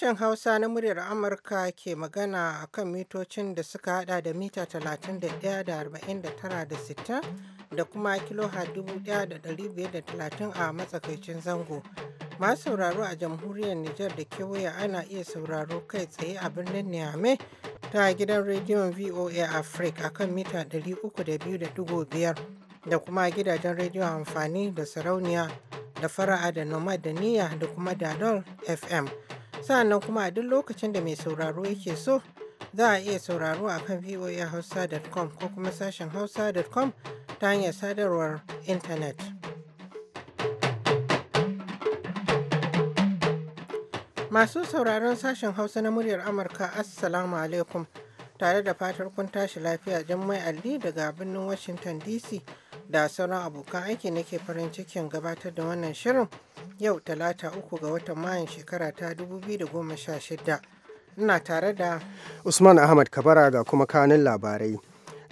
Sashen Hausa na muryar Amurka ke magana a kan mitocin da suka hada da mita 31 da 49 da 60 da kuma kiloha 1530 a matsakaicin zango. Masu sauraro a jamhuriyar Nijar da kewaye ana iya sauraro kai tsaye a birnin Niamey ta gidan rediyon VOA Africa akan mita 302.5 da kuma gidajen rediyon amfani da sarauniya da fara'a da nomad da niyya da kuma dadol FM. Sa'annan kuma a duk lokacin da mai sauraro yake so za a iya sauraro a kan voahausa.com ko kuma sashen hausa.com ta hanyar sadarwar intanet. Masu sauraron sashen Hausa na muryar Amurka, Assalamu alaikum. tare da fatar kun tashi lafiya mai alli daga birnin Washington DC da sauran abokan aiki nake farin cikin gabatar da wannan shirin yau talata uku ga watan mayan shekara ta 2016. Ina tare da Usman Ahmad Kabara ga kuma kanin labarai.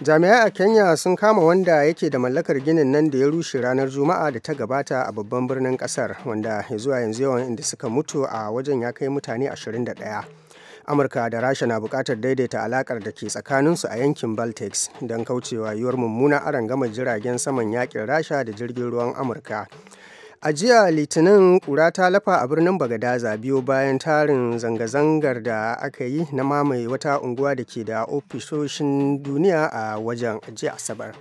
jami'ai a kenya sun kama wanda yake da mallakar ginin nan da ya rushe ranar juma'a da ta gabata a babban birnin kasar wanda ya zuwa yanzu yawan inda suka mutu a wajen ya kai mutane 21 amurka da rasha na bukatar daidaita alakar da ke tsakaninsu a yankin baltics don kaucewa yiwuwar mummunan gama jiragen saman yakin rasha da jirgin ruwan amurka a jiya litinin kura ta lafa a birnin bagadaza biyo bayan tarin zanga-zangar da aka yi na mamaye wata unguwa da ke da ofisoshin duniya a wajen jiya asabar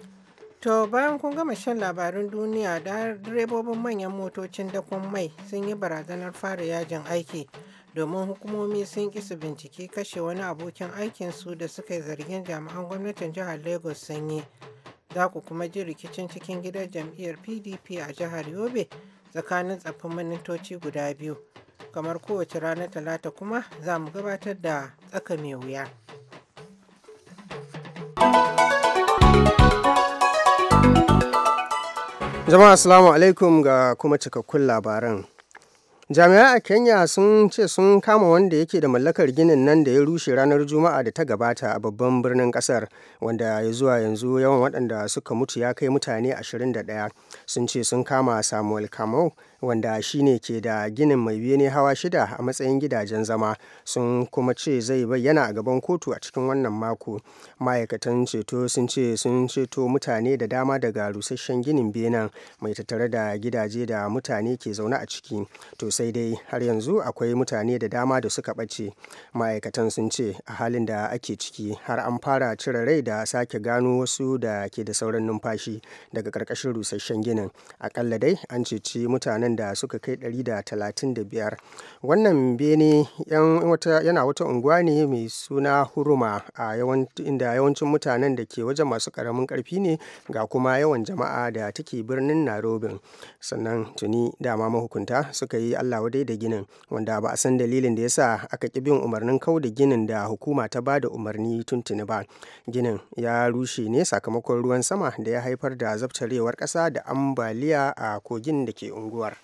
to bayan kun gama shan labarin duniya da direbobin manyan motocin dakon mai sun yi barazanar fara yajin aiki domin hukumomi sun ƙi bincike kashe wani abokin aikinsu da suka yi zargin jami'an gwamnatin jihar Lagos sun yi. Za ku kuma ji rikicin cikin gidan jam'iyyar PDP a jihar Yobe tsakanin tsaffin manitoci guda biyu. Kamar kowace rana Talata kuma za mu gabatar da tsaka mai wuya. Jama'a Assalamu alaikum ga kuma cikakkun labaran. jami'ai a kenya sun ce sun kama wanda yake da mallakar ginin nan da ya rushe ranar juma'a da ta gabata a babban birnin kasar wanda ya zuwa yanzu yawan waɗanda suka mutu ya kai mutane 21 sun ce sun kama samuel kamau wanda shine ke da ginin mai bene hawa shida a matsayin gidajen zama sun kuma ce zai bayyana a gaban kotu a cikin wannan mako ma'aikatan ceto sun ce sun ceto mutane da dama daga rusasshen ginin benen mai tattare da gidaje da mutane ke zaune a ciki to sai dai har yanzu akwai mutane da dama da suka ɓace ma'aikatan sun ce a halin da ake ciki har an fara cire rai da sake gano wasu da ke da sauran numfashi daga ƙarƙashin rusasshen ginin akalla dai an ceci mutanen da suka kai 135 wannan bene yana wata unguwa ne mai suna huruma a inda yawancin mutanen da ke wajen masu karamin karfi ne ga kuma yawan jama'a da take birnin narobin sannan tuni dama mahukunta suka yi allah wadai da ginin wanda ba a san dalilin da yasa aka ƙi bin umarnin kau da ginin da hukuma ta ba da umarni tuntuni ba ginin ya rushe ne sakamakon ruwan sama da ya haifar da zabtarewar ƙasa da ambaliya a kogin da ke unguwar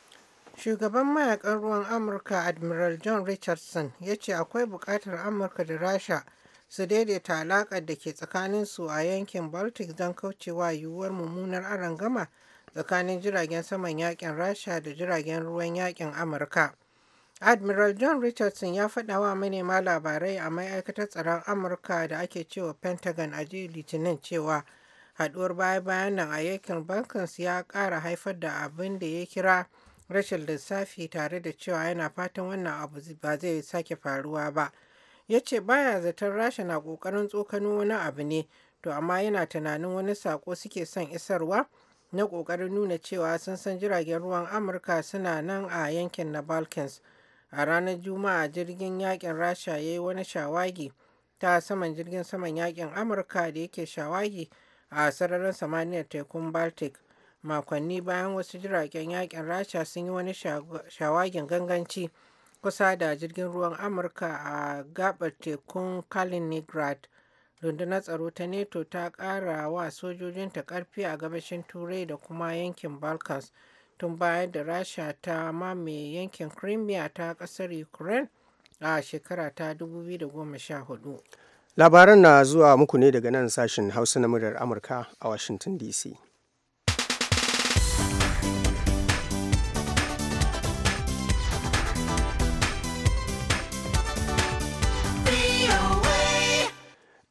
Shugaban mayakan ruwan Amurka Admiral John Richardson ya ce akwai buƙatar Amurka da Rasha su daidaita alaƙar da ke tsakanin su a yankin Baltic don kaucewa yiwuwar mummunar arangama tsakanin jiragen saman yakin Rasha da jiragen ruwan yakin Amurka. Admiral John Richardson ya faɗa wa manema labarai a ma'aikatar tsaron Amurka da ake cewa Pentagon a jiya Litinin cewa haɗuwar baya-bayan nan a yankin Balkans ya ƙara haifar da abin da ya kira rashin lissafi tare da cewa yana fatan wannan abu ba zai sake faruwa ba ya ce baya zaton rasha na kokarin tsokano wani abu ne to amma yana tunanin wani sako suke son isarwa na kokarin nuna cewa sun san jiragen ruwan amurka suna nan a yankin na balkans a ranar juma'a jirgin yakin rasha ya yi wani shawagi ta saman jirgin saman yakin amurka da yake shawagi a sararin samaniyar tekun baltic makonni bayan wasu jiragen yakin rasha sun yi wani shawagin ganganci kusa da jirgin ruwan amurka a gabar tekun kaliningrad rundunar tsaro ta neto ta kara wa sojojinta karfi a gabashin turai da kuma yankin balkans tun bayan da rasha ta mamaye yankin crimea ta kasar ukraine a shekara ta 2014 labaran na zuwa muku ne daga nan sashen hausa na muryar amurka a washington dc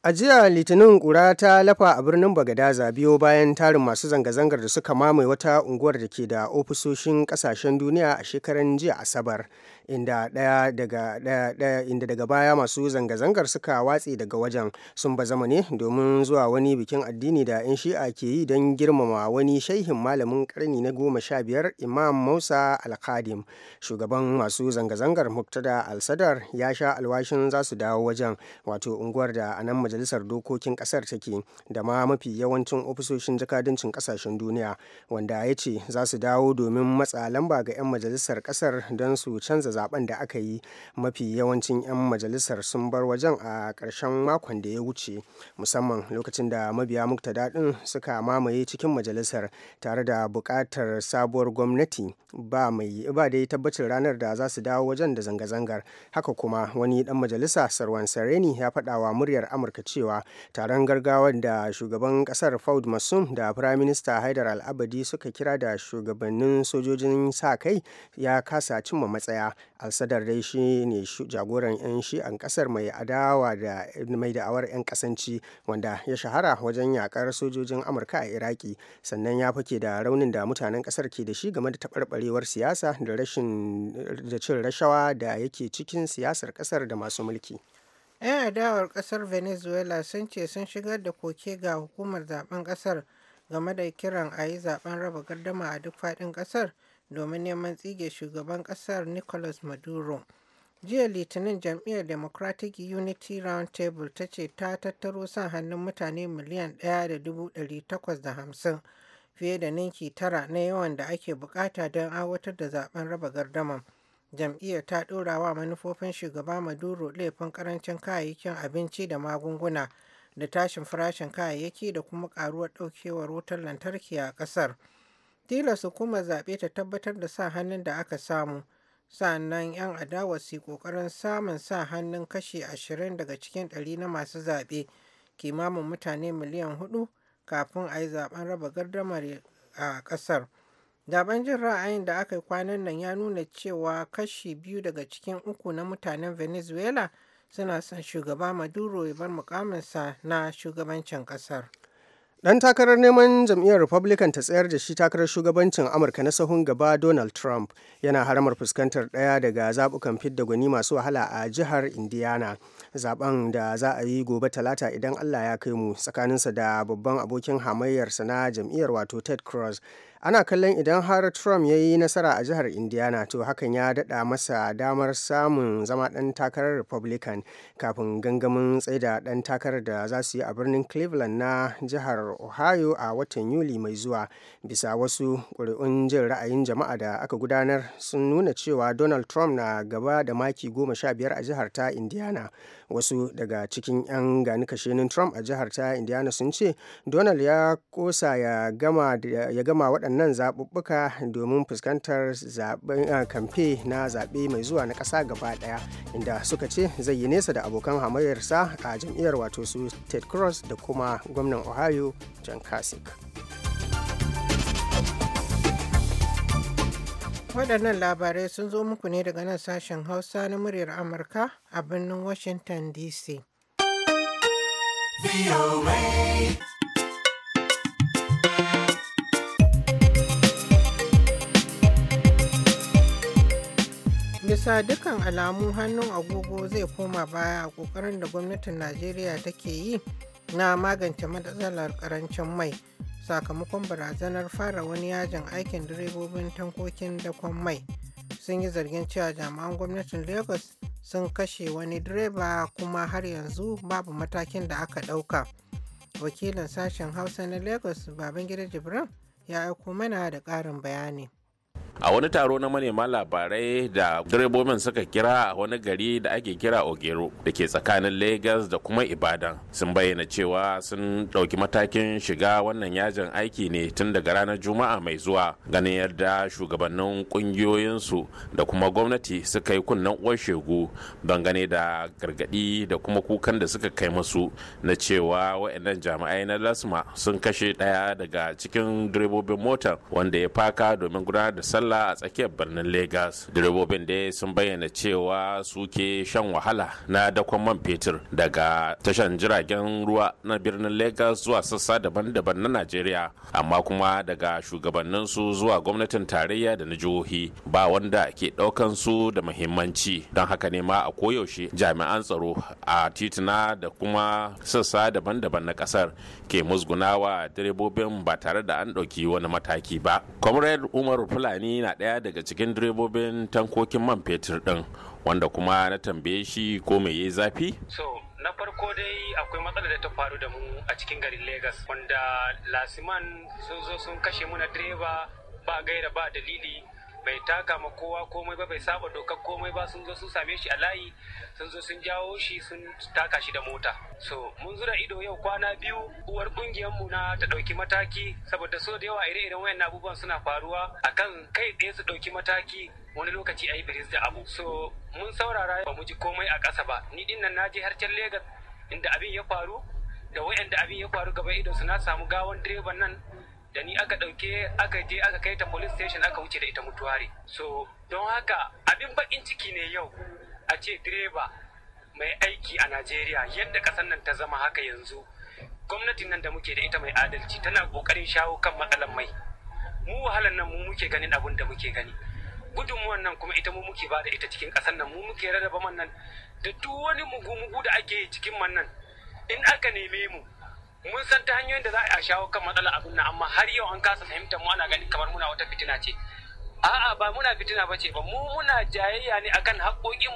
A jiya Litinin ƙura ta lafa a birnin Bagadaza biyo bayan tarin masu zanga-zangar da suka mamaye wata unguwar da ke da ofisoshin ƙasashen duniya a shekaran jiya Asabar. inda daya daga daya inda daga baya masu zanga-zangar suka watse daga wajen sun ba zama ne domin zuwa wani bikin addini da in shi'a ke yi don girmama wani shaihin malamin karni na goma sha biyar imam musa alkadim shugaban masu zanga-zangar muktada al-sadar ya sha alwashin za su dawo wajen wato unguwar da a nan majalisar dokokin kasar take da ma mafi yawancin ofisoshin jakadancin kasashen duniya wanda ya ce za su dawo domin matsa lamba ga 'yan majalisar kasar don su canza zaben da aka yi mafi yawancin 'yan majalisar sun bar wajen a ƙarshen makon da ya wuce musamman lokacin da mabiya mukta daɗin suka mamaye cikin majalisar tare da buƙatar sabuwar gwamnati ba mai ba dai tabbacin ranar da za su dawo wajen da zanga-zangar haka kuma wani ɗan majalisa sarwan sareni ya faɗa wa muryar amurka cewa taron gargawar da shugaban ƙasar faud masum da firayim minista haidar al'abadi suka kira da shugabannin sojojin sa kai ya kasa cimma matsaya al-sadar dai shi ne jagoran 'yan shi an kasar mai adawa da mai da'awar 'yan kasanci wanda ya shahara wajen yakar sojojin amurka a iraki sannan ya fake da raunin da mutanen kasar ke da shi game da taɓarɓarewar siyasa da rashin da cin rashawa da yake cikin siyasar kasar da masu mulki 'yan adawar kasar venezuela sun ce sun shigar da koke ga hukumar zaben kasar game da kiran a yi zaben raba gardama a duk faɗin kasar domin neman tsige shugaban kasar nicolas maduro jiya litinin jam'iyyar democratic unity roundtable ta ce ta tattaro san hannun mutane miliyan 1,850 fiye da ninki tara na yawan da ake bukata don awatar da zaben raba gardama jam'iyyar ta ɗora wa manufofin shugaba maduro laifin karancin kayayyakin abinci da magunguna da tashin farashin kayayyaki da kuma karuwar ɗaukewar wutar lantarki a kasar. Tilas kuma zaɓe ta tabbatar da sa hannun da aka samu, sannan 'yan adawa su ƙoƙarin samun sa hannun kashi ashirin daga cikin ɗari na masu zaɓe, kimamin mutane miliyan huɗu kafin a yi zaɓen raba gardamar a ƙasar. daɓen jin ra'ayin da aka yi kwanan nan ya nuna cewa kashi biyu daga cikin uku na mutanen Venezuela suna son shugaba Maduro ya bar mukaminsa na shugabancin ƙasar. Dan takarar neman jam'iyyar Republican ta tsayar da shi takarar shugabancin Amurka na sahun gaba Donald Trump yana haramar fuskantar ɗaya daga zaɓukan fidda gwani masu wahala a jihar Indiana. Zaben da za a yi gobe talata idan Allah ya kai mu tsakaninsa da babban abokin hamayyarsa na jam'iyyar wato Ted cross. ana kallon idan har trump ya yi nasara a jihar indiana to hakan ya dada masa damar samun zama dan takarar republican kafin gangamin tsaida dan takarar da za su yi a birnin cleveland na jihar ohio a watan yuli mai zuwa bisa wasu ƙuri'un jin ra'ayin jama'a da aka gudanar sun nuna cewa donald trump na gaba da maki goma sha biyar a jihar ta indiana wasu daga cikin 'yan gani kashenin trump a jihar ta indiana sun ce donald ya kosa ya gama waɗannan zaɓuɓɓuka domin fuskantar eh, kamfe na zaɓe mai zuwa na ƙasa gaba ɗaya inda suka ce zai yi nesa da abokan hamayarsa a jam'iyyar wato su ted cross da kuma gwamnan ohio john kasich Waɗannan labarai sun zo muku ne daga nan sashen Hausa na muryar Amurka a birnin Washington DC. Bisa dukkan alamu hannun agogo zai koma baya a ƙoƙarin da gwamnatin Najeriya take yi na magance matsalar ƙarancin mai. sakamakon barazanar fara wani yajin aikin direbobin tankokin dakon mai sun yi zargin cewa jami'an gwamnatin lagos sun kashe wani direba kuma har yanzu babu matakin da aka ɗauka wakilin sashen hausa na lagos babangida jibran ya aiko mana da ƙarin bayani a wani taro na manema labarai da direbobin suka kira a wani gari da ake kira ogero da ke tsakanin lagos da kuma ibadan sun bayyana cewa sun ɗauki matakin shiga wannan yajin aiki ne tun daga ranar juma'a mai zuwa ganin yadda shugabannin ƙungiyoyinsu da kuma gwamnati suka yi kunnen uwar shegu don gane da gargaɗi da kuma kukan da suka kai musu na cewa waɗannan jami'ai na lasma sun kashe ɗaya daga cikin direbobin mota wanda ya faka domin gudanar da sallah a tsakiyar birnin Legas. Direbobin dai sun bayyana cewa suke shan wahala na dakon man fetur daga tashan jiragen ruwa na birnin Legas zuwa sassa daban-daban na Najeriya, amma kuma daga shugabannin su zuwa gwamnatin tarayya da na jihohi ba wanda ke ɗaukan su da muhimmanci. Don haka ne ma a koyaushe jami'an tsaro a tituna da kuma sassa daban-daban na kasar ke musgunawa direbobin ba tare da an ɗauki wani mataki ba. Comrade Umar Fulani na ɗaya daga cikin direbobin tankokin man fetur ɗin wanda kuma na tambaye shi ko mai yayi zafi so na farko dai akwai matsalar da ta faru da mu a cikin garin Legas wanda lasiman sun zo sun kashe muna direba ba gaira ba dalili bai taka ma kowa komai ba bai saba dokar komai ba sun zo sun same shi a layi sun zo sun jawo shi sun taka shi da mota so mun zura ido yau kwana biyu uwar kungiyar mu na ta dauki mataki saboda so da yawa ire-iren wayan abubuwan suna faruwa akan kai ɗaya su dauki mataki wani lokaci a yi biris da abu so mun saurara ba mu ji komai a ƙasa ba ni din nan naje har can Legas inda abin ya faru da wayanda abin ya faru gaba ido su na samu gawan direban nan da ni aka ɗauke aka je aka kai ta police station aka wuce da ita mutuware so don haka abin bakin ciki ne yau a ce direba mai aiki a najeriya yadda ƙasar nan ta zama haka yanzu gwamnatin nan da muke da ita mai adalci tana ƙoƙarin shawo kan matsalar mai mu wahalan nan mu muke ganin abin da muke gani gudunmuwan nan kuma ita mu muke ba da ita cikin ƙasar nan mu muke rarraba man nan da duk wani mugu-mugu da ake yi cikin man nan in aka neme mu mun san ta hanyoyin da za a shawo kan matsalar abin nan amma har yau an kasa fahimtar mu ana ganin kamar muna wata fitina ce a'a ba muna fitina ce ba mu muna jayayya ne akan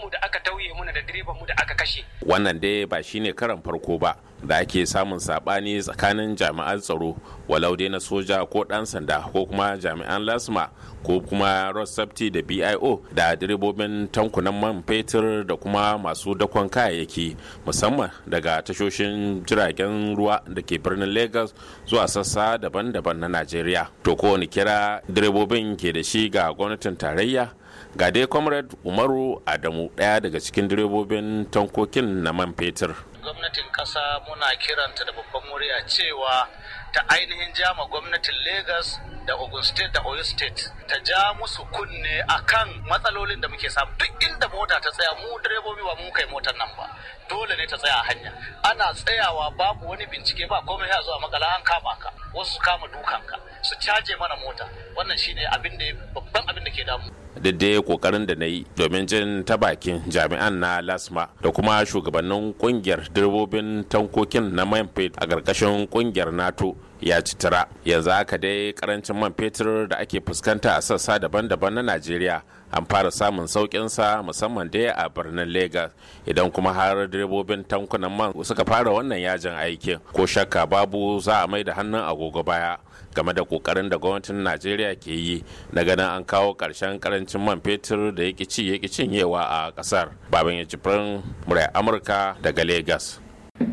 mu da aka tauye muna da direban mu da aka kashe wannan dai ba shine karan farko ba da ake samun sabani tsakanin jami'an tsaro walau dai na soja ko dan sanda ko kuma jami'an lasma ko kuma road safety da bio da direbobin tankunan man fetur da kuma masu dakon kayayyaki musamman daga tashoshin jiragen ruwa da ke birnin lagos zuwa sassa daban-daban na nigeria to kowane kira direbobin ke da shi ga gwamnatin tarayya ga dai comrade umaru adamu daya daga cikin direbobin tankokin na man fetur gwamnatin ƙasa muna kiranta da babban murya cewa ta ainihin jama gwamnatin Legas da Ogun State da Oyo State ta ja musu kunne a kan matsalolin da muke samu duk inda mota ta tsaya mu direbobi ba mu kai motar nan ba dole ne ta tsaya a hanya ana tsayawa babu wani bincike ba komai ya zuwa makala an kama ka wasu kama dukanka su caje mana mota wannan shine abin da babban abin da ke damu dai kokarin da na yi domin jin ta bakin jami'an na lasma da kuma shugabannin kungiyar direbobin tankokin na manfred a ƙarƙashin kungiyar nato ya ci tara yanzu haka dai karancin man fetur da ake fuskanta a sassa daban-daban na najeriya an fara samun sauƙinsa musamman dai a birnin Legas idan kuma har direbobin tankunan man suka fara wannan yajin aikin ko shakka babu za a mai da hannun agogo baya game da kokarin da gwamnatin najeriya ke yi na ganin an kawo karshen karancin man fetur da ya ci ya cinyewa a kasar baban ya jibrin murai amurka daga Legas.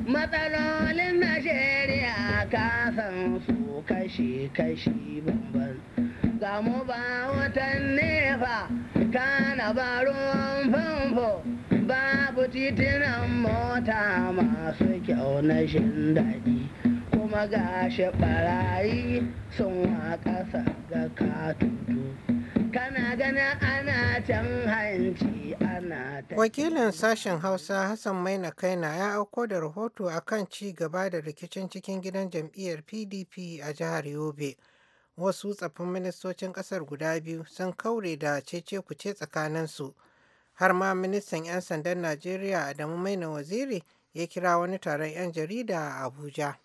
matsalolin kasan su kashi-kashi bambam ga mu ba watan nefa kana ba ruwan famfo babu titinan mota masu kyau na shin daɗi kuma gashi barayi sun wa ƙasa ga katutu kana wakilin sashen hausa hassan maina kaina ya auko da rahoto a kan ci gaba da rikicin cikin gidan jam'iyyar pdp a jihar yobe wasu tsaffin ministocin kasar guda biyu sun kaure da cece kuce tsakaninsu har ma ministan 'yan sandan najeriya adamu maina waziri ya kira wani taron 'yan jarida a abuja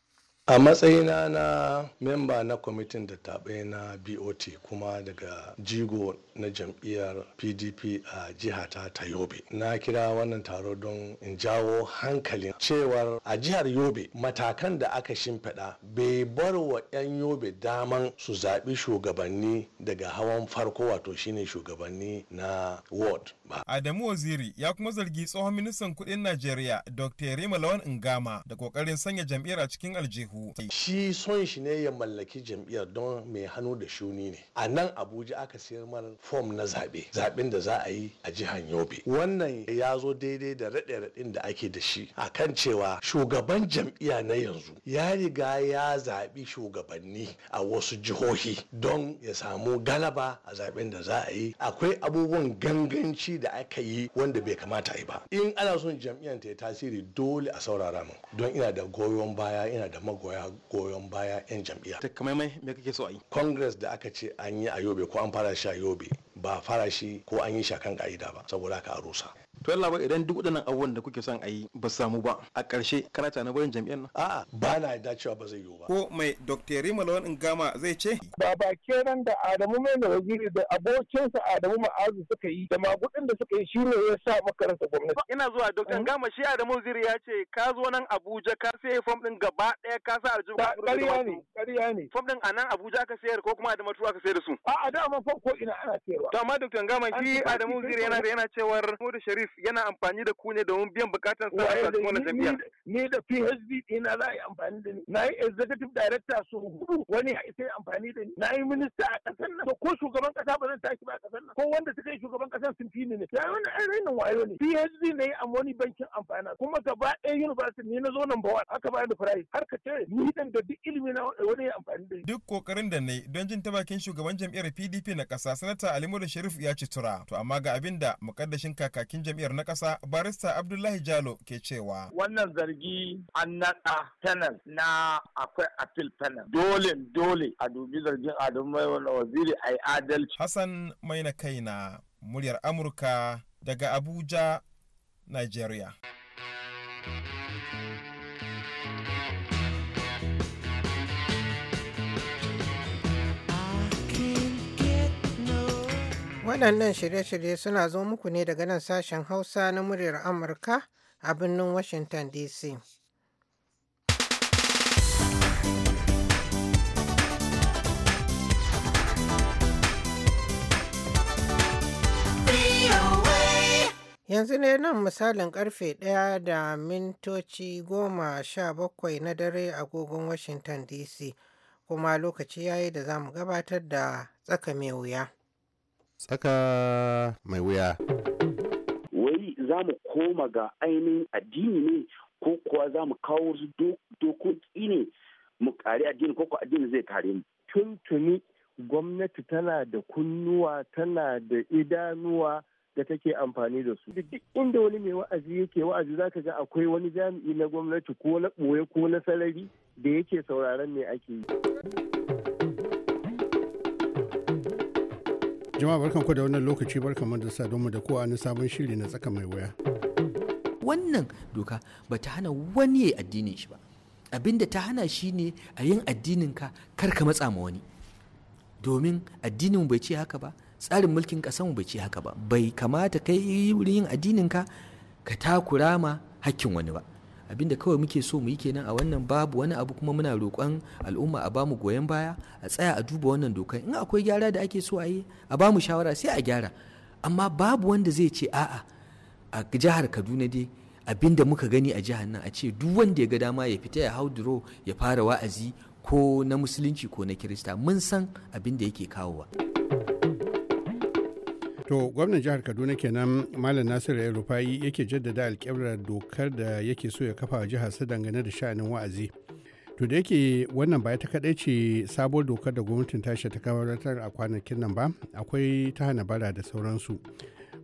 a matsayina na memba na kwamitin da taɓe na bot kuma daga jigo na jam'iyyar pdp a jihata ta yobe na kira wannan taro don in jawo hankalin cewar a jihar yobe matakan da aka shimfiɗa bai bar wa 'yan yobe daman su zaɓi shugabanni daga hawan farko wato shine shugabanni na ward ba. Adamu Waziri ya kuma zargi tsohon ministan kuɗin Najeriya Dr. Rima Lawan Ngama da ƙoƙarin sanya jam'iyyar a cikin aljihu. Shi son shi ne ya mallaki jam'iyyar don mai hannu da shuni ne. A nan Abuja aka sayar mana fom na zaɓe, zaɓen da za a yi a jihar Yobe. Wannan ya zo daidai da raɗe-raɗin da ake da shi a kan cewa shugaban jam'iyya na yanzu ya riga ya zaɓi shugabanni a wasu jihohi don ya samu galaba a zaɓen da za a yi. Akwai abubuwan ganganci da aka yi wanda bai kamata yi ba in ana son jam'iyyar ta yi tasiri dole a saurara min don ina da goyon baya ina da magoya goyon baya yan jam'iyya ta mai me kake so a yi congress da aka ce an yi a yobe ko an fara shi a yobe ba fara shi ko an yi shakan ka'ida ba saboda ka a rusa to yalla idan duk waɗannan abubuwan da kuke son a yi ba samu ba a ƙarshe kana tana barin jami'an nan a'a ba na yarda cewa ba zai yiwu ba ko mai dr rimalawan gama zai ce ba ba kenan da adamu mai da waziri da abokinsa adamu ma'azu suka yi da magudin da suka yi shi ne ya sa maka rasa gwamnati ina zuwa dr hmm? gama shi adamu ziri ya ce ka zo nan abuja ka sai fom din gaba ɗaya ka sa aljihu ƙarya ne ƙarya ne fom din a nan abuja ka sayar ko kuma adamu ka sayar da su a'a dama fom ko ina ana sayarwa to amma dr gama shi adamu ziri yana da yana cewar Sharif yana amfani da ku ne domin biyan bukatar sa a cikin wannan ni da PhD ina za a yi amfani da ni na yi executive director su hudu wani ya isa amfani da ni na yi minista a kasar nan ko shugaban kasa ba zan tashi ba a kasar nan ko wanda suka yi shugaban kasar sun fi ni ne ya wani ai rainin wayo ne PhD yi a wani bankin amfana kuma gaba ɗaya university ni na zo nan ba aka da prize har ka ce ni dan da duk ilimi na wani ya amfani da ni duk kokarin da na yi don jin ta bakin shugaban jam'iyyar PDP na kasa sanata Alimudu Sharif ya ci tura to amma ga abin da mukaddashin kakakin jam'iyyar lafiyar na ƙasa barista Abdullahi Jalo ke cewa. Wannan zargi an naɗa panel na akwai appeal panel. Dole dole a dubi zargin Adamu mai wani waziri a yi adalci. Hassan mai na kaina muryar Amurka daga Abuja, Nigeria. Waɗannan shirye-shirye suna zo muku ne daga nan sashen Hausa na muryar Amurka a birnin Washington DC. Yanzu ne nan misalin karfe ɗaya da mintoci goma sha bakwai na dare agogon Washington DC, kuma lokaci yayi da za mu gabatar da tsaka mai wuya. tsaka mai wuya. Wai za mu koma ga ainihin addini ne ko kuwa za mu kawo su dokoki ne mu kare addini ko kuwa addini zai kare mu. Tuntuni gwamnati tana da kunnuwa tana da idanuwa da take amfani da su. Duk inda wani mai wa'azi yake wa'azi za ka ga akwai wani jami'i na gwamnati ko na ɓoye ko na sarari da yake sauraron me ake yi. Jama'a barkan ku da wannan lokaci barkan mu da sadonmu da kowa na sabon shiri na tsaka mai waya. Wannan doka ba ta hana wani ya addinin shi ba. Abinda ta hana shi ne a yin addinin ka kar ka matsa ma wani. Domin addinin bai ce haka ba, tsarin mulkin mu bai ce haka ba. Bai kamata kai wurin yin addinin ka ka takura ma hakkin wani ba. abinda kawai muke so mu yi kenan a wannan babu wani abu kuma muna roƙon al'umma a bamu goyon baya a tsaya a duba wannan dokan in akwai gyara da ake so a yi a bamu shawara sai a gyara amma babu wanda zai ce a'a a jihar kaduna dai abinda muka gani a jihar nan a ce duk wanda ya ga dama ya fita ya hau duro ya fara wa'azi ko na musulunci ko na kirista mun san abinda yake kawowa. to gwamnan jihar kaduna kenan malam nasiru el rufai yake jaddada alƙiblar dokar da yake so ya kafa jihar su dangane da sha'anin wa'azi to da yake wannan ba ta kaɗai ce sabuwar dokar da gwamnatin tashi ta kawar a kwanakin nan ba akwai ta hana bara da sauransu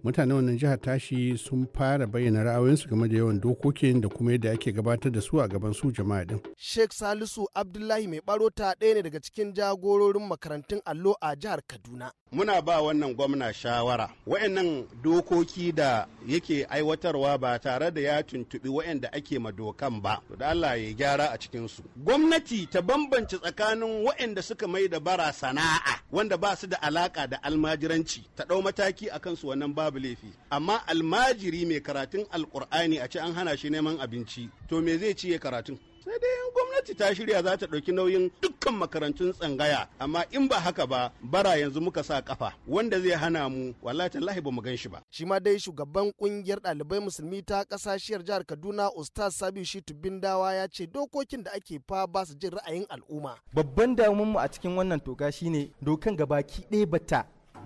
mutanen wannan jihar tashi sun fara bayyana ra'ayoyinsu game da yawan dokokin da kuma yadda ake gabatar da su a gaban su jama'a din. Sheikh Salisu Abdullahi mai barota ɗaya ne daga cikin jagororin makarantun allo a jihar Kaduna. Muna ba wannan gwamna shawara. Wa'annan dokoki da yake aiwatarwa ba tare da ya tuntuɓi wa'anda ake ma dokan ba. Da Allah ya gyara a cikin su. Gwamnati ta bambance tsakanin wa'anda suka mai da bara sana'a wanda ba su da alaka da almajiranci ta ɗau mataki akan su wannan babu babu laifi amma almajiri mai karatun alkur'ani a ce an hana shi neman abinci to me zai ci ya karatun sai dai gwamnati ta shirya za ta ɗauki nauyin dukkan makarantun tsangaya amma in ba haka ba bara yanzu muka sa kafa wanda zai hana mu wallahi tallahi ba mu gan shi ba shi ma dai shugaban kungiyar ɗalibai musulmi ta ƙasashiyar jihar Kaduna Ustaz Sabi Shitu Bindawa ya ce dokokin da ake fa ba su jin ra'ayin al'umma babban damuwar mu a cikin wannan toka shine dokan gabaki ɗaya bata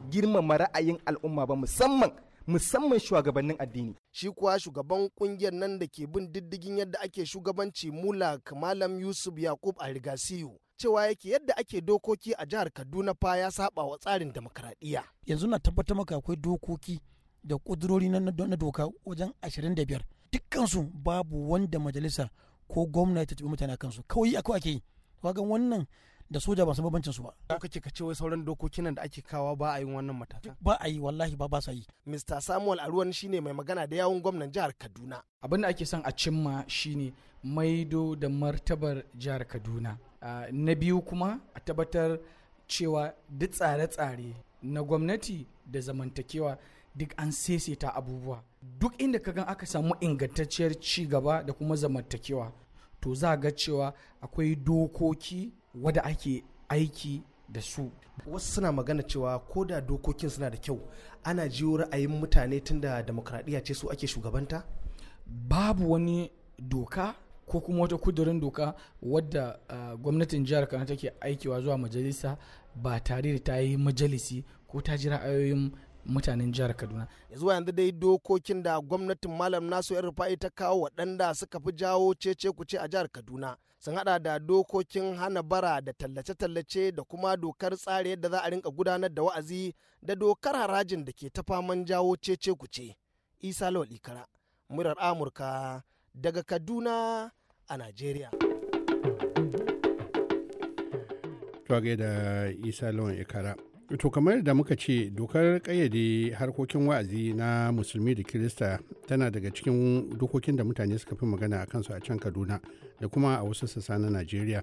girmama ra'ayin al'umma ba musamman musamman shugabannin addini. Shi kuwa shugaban kungiyar nan da ke bin diddigin yadda ake shugabanci mula Malam Yusuf Yakub a Rigasiyu. cewa yake yadda ake dokoki a jihar Kaduna fa ya saba wa tsarin demokradiyya. Yanzu na tabbatar maka akwai dokoki da kudurori na doka wajen 25 dukkansu babu wanda majalisa ko gwamnati ta tafi mutane kansu kawai akwai ake yi. Wagan wannan da soja ba su bambancin su ba ko kace ka ce wai sauran dokokin nan da ake kawa ba a yi wannan matakan? ba a yi wallahi ba ba sa yi Mr Samuel Aruwan shine mai magana da yawun gwamnan jihar Kaduna abin da ake son a cimma shine maido da martabar jihar Kaduna na biyu kuma a tabbatar cewa duk tsare-tsare na gwamnati da zamantakewa duk an seseta abubuwa duk inda ka gan aka samu ingantacciyar ci gaba da kuma zamantakewa to za ga cewa akwai dokoki wadda ake aiki da su wasu suna magana cewa ko da dokokin suna da kyau ana jiyo ra'ayin mutane tunda demokradiyya ce su ake shugabanta babu wani doka ko kuma wata kudurin doka wadda uh, gwamnatin jihar kano take aikewa zuwa majalisa ba tare da ta yi majalisi ko ta ji ra'ayoyin mutanen jihar kaduna yanzu dai dokokin da gwamnatin malam nasu yan rufa'i ta kawo waɗanda suka fi jawo cece ce a jihar kaduna sun hada da dokokin hana bara da tallace-tallace da kuma dokar tsari yadda za a rinka gudanar da wa'azi da dokar harajin da ke ta faman jawo cece kuce isa lawal ikara murar amurka daga kaduna a najeriya to da isa lawan ikara to kamar da muka ce dokar kayyade harkokin wa'azi na musulmi da kirista tana daga cikin dokokin da mutane suka fi magana a kansu a can kaduna da kuma a wasu sassa na najeriya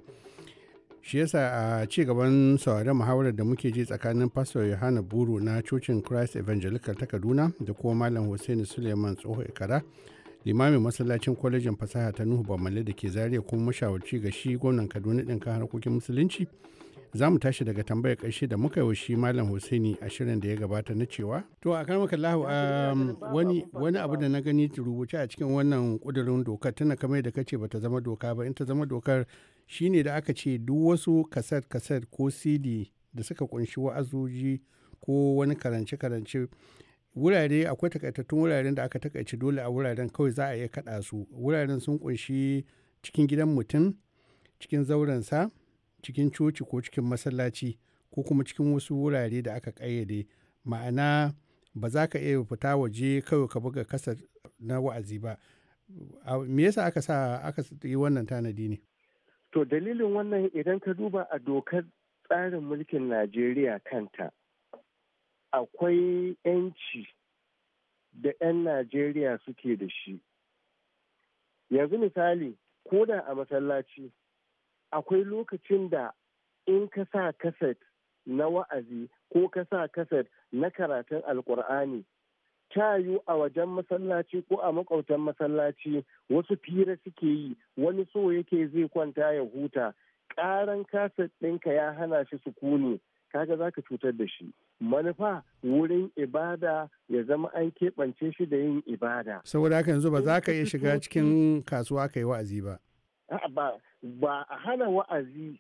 shi yasa a ci gaban saurari muhawarar da muke ji tsakanin pastor yohana buru na cocin christ evangelical ta kaduna da kuma malam hussein suleiman tsoho ikara limamin masallacin kwalejin fasaha ta nuhu bamale da ke zaria kuma mashawarci ga shi gwamnan kaduna ɗin kan harkokin musulunci za mu tashi daga tambayar ƙarshe da muka yi shi malam hussaini a shirin da ya gabata na cewa to a kan maka lahu um, wani abu da na gani rubuce a cikin wannan kudurin dokar tana kamar da kace bata zama doka ba in ta zama dokar shine da aka ce duk wasu kasar kaset ko cd da suka kunshi wa'azoji ko wani karance karance wurare akwai takaitattun wuraren da aka takaici dole a wuraren kawai za a iya kaɗa su wuraren sun kunshi cikin gidan mutum cikin zaurensa cikin coci ko cikin masallaci ko kuma cikin wasu wurare da aka ƙayyade ma'ana ba za ka iya fita waje kawai ka buga kasar na wa'azi ba me yasa aka sa aka yi wannan tanadi ne to dalilin wannan idan ka duba a dokar tsarin mulkin najeriya kanta akwai 'yanci da 'yan najeriya suke da shi yanzu misali ko a masallaci akwai lokacin da in ka sa kaset na wa'azi ko ka sa kaset na karatun alkur'ani yi a wajen masallaci ko a makwautan masallaci wasu fira suke yi wani so yake zai kwanta ya huta ƙaran kaset ɗinka ya hana shi sukuni kaga za ka cutar da shi manufa wurin ibada ya zama an keɓance shi da yin ibada saboda haka yanzu ba za ka iya shiga cikin kasuwa ka yi wa'azi ba ba a hana wa'azi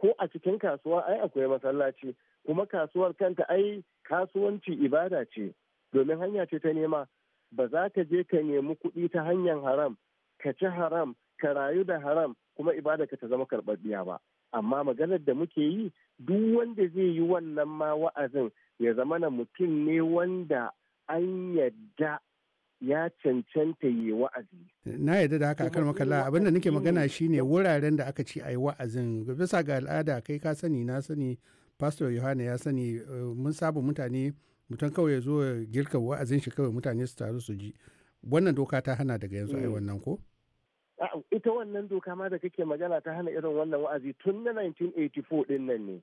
ko a cikin kasuwa ai akwai masallaci kuma kasuwar kanta ai kasuwanci ibada ce domin hanya ce ta nema ba za ka je ka nemi kuɗi ta hanyar haram ka ci haram ka rayu da haram kuma ibada ka ta zama karɓaɓɓiya ba amma maganar da muke yi duk wanda zai yi wannan ma wa'azin ya zama na mutum ne wanda an yadda ya cancanta yi wa'azi. Na yarda da haka akan makalla abinda nake magana shine wuraren da aka ce a yi wa'azin bisa ga al'ada kai ka sani na sani pastor Yohana ya sani eh, mun sabu mutane mutum kawai ya zo girka wa'azin shi kawai mutane su taru su ji wannan doka ta hana daga yanzu a mm. wannan ko? Ita wannan doka ma da kake magana ta hana irin wannan wa'azi tun na 1984 din nan ne.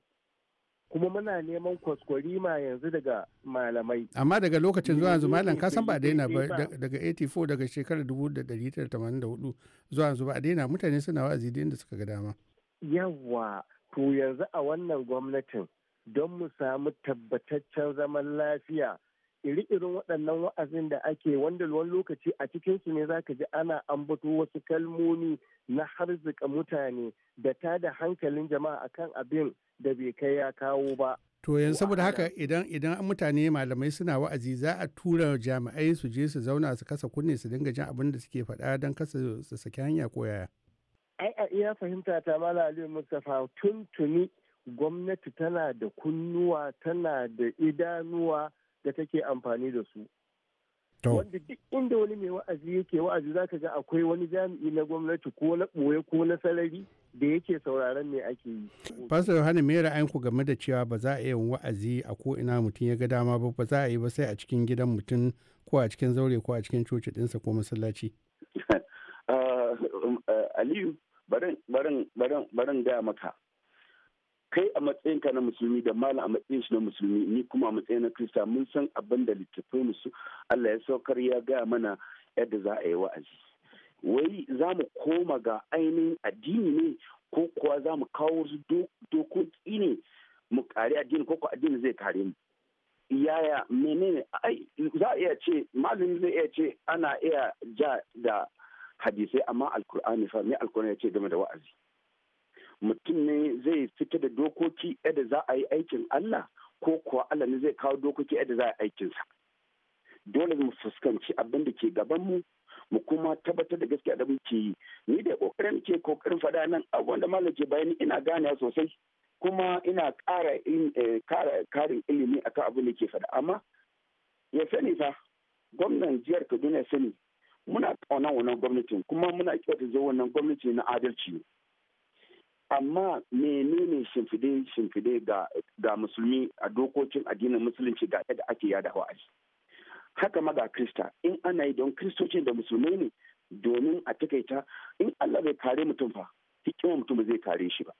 kuma muna neman kwaskwarima yanzu daga malamai amma daga lokacin zuwa yanzu malam ka san ba daina ba daga 84 daga shekarar 1984 zuwa yanzu ba daina mutane suna wa'azi da inda suka ga dama yawa to yanzu a wannan gwamnatin don mu samu tabbataccen zaman lafiya iri-irin waɗannan wa'azin da ake wanda wani lokaci a cikinsu ne zaka ji ana ambato wasu kalmomi na harzika mutane da ta da hankalin jama'a akan abin da bai kai ya kawo ba. To yanzu saboda haka idan idan mutane malamai suna wa'azi za a tura jami'ai su je su zauna su kasa kunne su dinga jin abin da suke faɗa don kasa su saki hanya ko yaya. Ai a iya fahimta ta mala Aliyu Mustapha tuntuni gwamnati tana da kunnuwa tana da idanuwa da take amfani da su. Wanda duk inda wani mai wa'azi yake wa'azi za ka ga akwai wani jami'i na gwamnati ko na ɓoye ko na sarari da yake sauraron mai ake yi. Pastor Yohana me ku game da cewa ba za a yi wa'azi a ko ina mutum ya ga dama ba ba za a yi ba sai a cikin gidan mutum ko a cikin zaure ko a cikin coci ɗinsa ko masallaci. Ah, um, eh, Aliyu barin barin barin barin gaya maka kai a matsayinka na musulmi da malam a matsayin shi na musulmi ni kuma a matsayin na krista mun san abin da littattafai musu Allah ya saukar ya gaya mana yadda za a yi wa'azi wai za mu koma ga ainihin addini ne ko kuwa za mu kawo su dokoki ne mu kare addini ko kuwa addini zai kare mu yaya menene ai za a iya ce malami zai iya ce ana iya ja da hadisai amma alkur'ani fa me alkur'ani ya ce game da wa'azi mutum ne zai fita da dokoki yadda za a yi aikin Allah ko kuwa Allah ne zai kawo dokoki yadda za a yi aikinsa. Dole mu fuskanci abin da ke gabanmu mu kuma tabbatar da gaskiya da muke yi. Ni da kokarin ke kokarin faɗa nan abubuwan da malam ke bayani ina gane sosai kuma ina ƙara karin eh, ilimi akan abin da ke faɗa amma ya sani fa gwamnan jihar Kaduna ya sani muna ƙauna wannan gwamnatin kuma muna kyautata zo wannan gwamnati na adalci ne. amma menene shimfide shimfide ga ga musulmi a dokokin addinin musulunci ga yadda ake yada wa'azi haka ma ga krista in ana yi don kristoci da musulmai ne domin a takaita in allah bai kare mutum fa hikimar mutum zai kare shi ba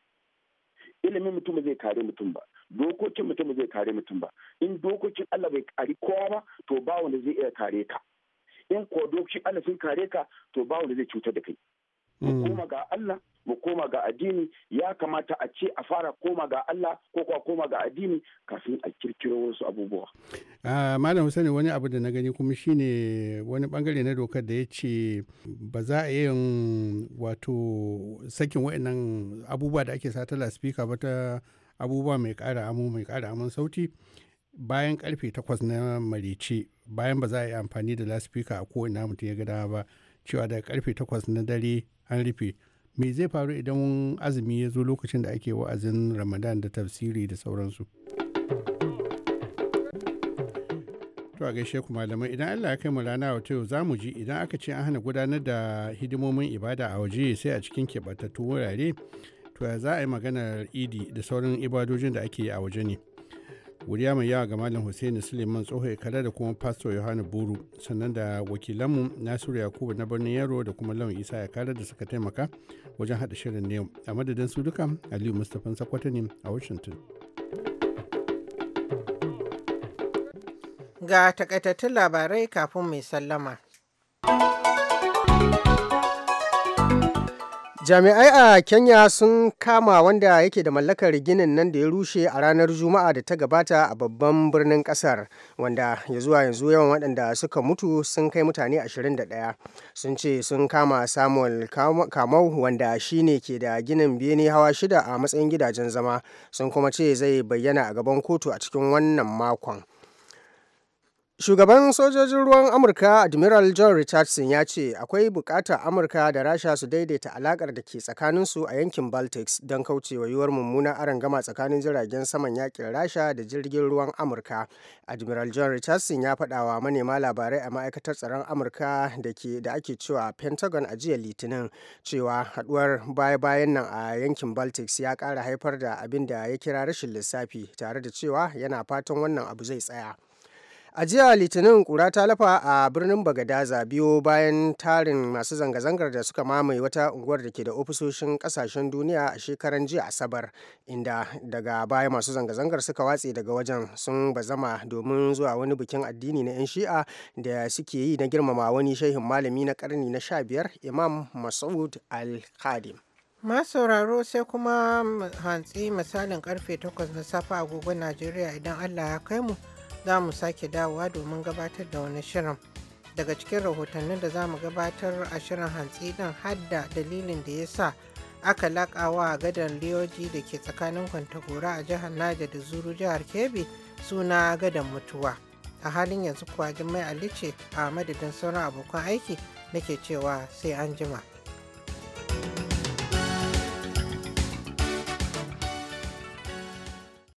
ilimin mutum zai kare mutum ba dokokin mutum zai kare mutum ba in dokokin allah bai kare kowa ba to ba wanda zai iya kare ka in ko dokokin allah sun kare ka to ba wanda zai cutar da kai kuma mm. ga allah mu koma ga addini ya kamata a ce a fara koma ga Allah ko kuwa koma ga addini kafin a kirkiro wasu abubuwa. Ah, Malam Hussaini wani abu da na gani kuma shine wani bangare na dokar da ya ce ba za a yin wato sakin wa'annan abubuwa da ake sata laspika ba ta abubuwa mai kara amu mai kara amun sauti bayan karfe takwas na marice bayan ba za a yi amfani da laspika a kowane mutum ya gada ba cewa da karfe takwas na dare an rufe me zai faru idan azumi ya zo lokacin da ake wa'azin ramadan da tafsiri da sauransu to a gaishe ku malamai idan Allah ya kai mu rana wata yau mu ji idan aka ce an hana gudanar da hidimomin ibada a waje sai a cikin keɓatattun wurare to za a yi maganar idi da sauran ibadojin da ake yi a waje ne wuriya mai yawa ga malam hussaini Suleiman tsoho kare da kuma pastor Yohana Buru sannan da wakilanmu Nasiru Yakubu na birnin Yaro da kuma Lawan Isa ya kare da suka taimaka wajen haɗa shirin ne a madadin su duka Aliyu Mustapha Sakwata ne a Washington. Ga takaitattun labarai kafin mai sallama. Jami'ai a Kenya sun kama wanda yake da mallakar ginin nan da ya rushe a ranar Juma'a da ta gabata a babban birnin kasar wanda ya zuwa yanzu yawan waɗanda suka mutu sun kai mutane 21. Sun ce sun kama Samuel Kamau wanda shi ne ke da ginin bene hawa shida a matsayin gidajen zama sun kuma ce zai bayyana a gaban kotu a cikin wannan makon. Shugaban sojojin ruwan Amurka Admiral John Richardson ya ce akwai bukatar Amurka da Rasha su daidaita alakar da ke tsakaninsu a yankin Baltics don kaucewa yiwuwar mummunan gama tsakanin jiragen saman yakin Rasha da jirgin ruwan Amurka. Admiral John Richardson ya faɗa wa manema labarai a ma'aikatar tsaron Amurka da ke da ake cewa Pentagon a jiya Litinin cewa haɗuwar baya-bayan nan a yankin Baltics ya ƙara haifar da abin da ya kira rashin lissafi tare da cewa yana fatan wannan abu zai tsaya. a jiya litinin kura ta lafa a birnin bagadaza biyo bayan tarin masu zanga-zangar da suka mamaye wata unguwar da ke da ofisoshin kasashen duniya a shekaran jiya asabar inda daga baya masu zanga-zangar suka watse daga wajen sun bazama domin zuwa wani bikin addini na 'yan shi'a da suke yi na girmama wani shehin malami na karni na 15 imam masud al-khadim sauraro sai kuma hantsi misalin karfe 8 na safe agogon najeriya idan allah ya kai mu za mu sake dawowa domin gabatar da wani shirin daga cikin rahotannin da za mu gabatar a shirin hantsi din hadda dalilin da ya sa aka lakawa a gadar liyoji da ke tsakanin kwantagora a jihar naja da zuru jihar kebbi suna gadon mutuwa a halin yanzu kuwa jimai ali ce a madadin sauran abokan aiki nake cewa sai an jima.